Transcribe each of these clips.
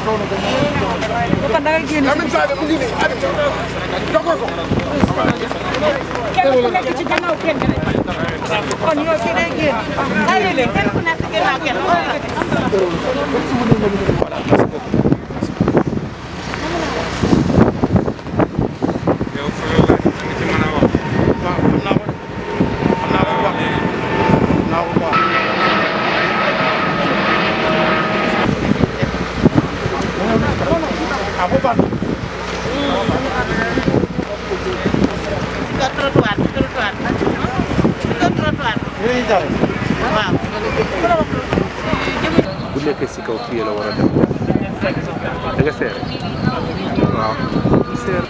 Lamine Sané mu ngi nii Aliou jokkoo ko. kenn ku nekk ci gannaaw kenn kon yow ci day génn. daa leen kenn ku nekk ci gannaaw kenn. voilà merci beaucoup. قول لك السي كوفيه لو ورا هذا سعر سعر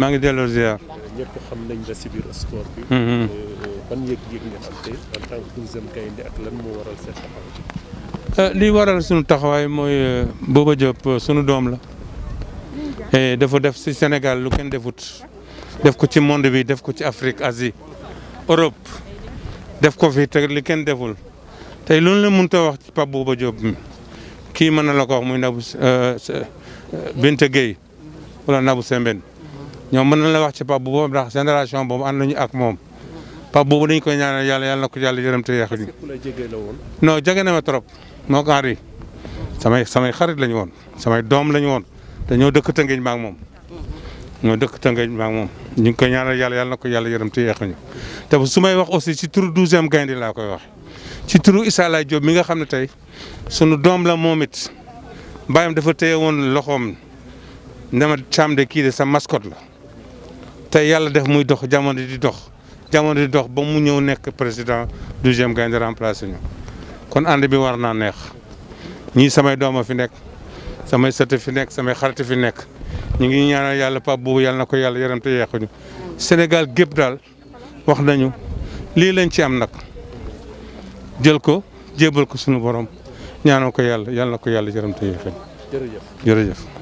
ما ندير له زيار ñëpp xam nañ la si biir sport bi ban yëg-yëg nga xam te en tant que deuxième gaynde ak lan moo waral seen taxaw Euh, lii waral sunu taxawaay mooy euh, Bouba Diop euh, sunu doom la et dafa def si senegal lu kenn defut def ko ci monde bii def ko ci Afrique Asie Europe def ko fi te li kenn deful tey loolu la mënut a wax ci Pape Bouba Diop mi kii mën na la ko wax muy Nabou Binte Gueye wala Nabou Sembène ñoom mën na la wax ci Pape Bouba ndax génération boobu ànd nañu ak moom Pape Bouba dañu koy ñaanal yàlla yàlla na ko yàlla yërëm te yeexuñu non jege na ma trop moo ko aar yi samay samay xarit lañu woon samay doom lañu woon te ñoo dëkk Tëngéej ma ak moom. ñoo dëkk Tëngéej ma ak moom ñu ngi koy ñaanal yàlla yàlla na ko yàlla yërëm te yeexuñu te bu su may wax aussi si turu douzième gaynde laa koy wax ci turu Issa Laye Diop mi nga xam ne tey sunu doom la moom it bàyyam dafa téye woon loxoom ne ma Thiam de kii de sa maskot la tey yàlla def muy dox jamono di dox jamono di dox ba mu ñëw nekk président douzième gaynde remplacé ñu. kon ànd bi war naa neex ñii samay doom a fi nekk samay sët fi nekk samay xarit fi nekk ñu ngi ñaana yàlla Pape Bouba yàlla na ko yàlla yaram te yeexuñu senegal gépp daal wax nañu lii lañ ci am nag jël ko jébal ko sunu borom ñaanal ko yàlla yàlla na ko yàlla yaram yeexuñu jërëjëf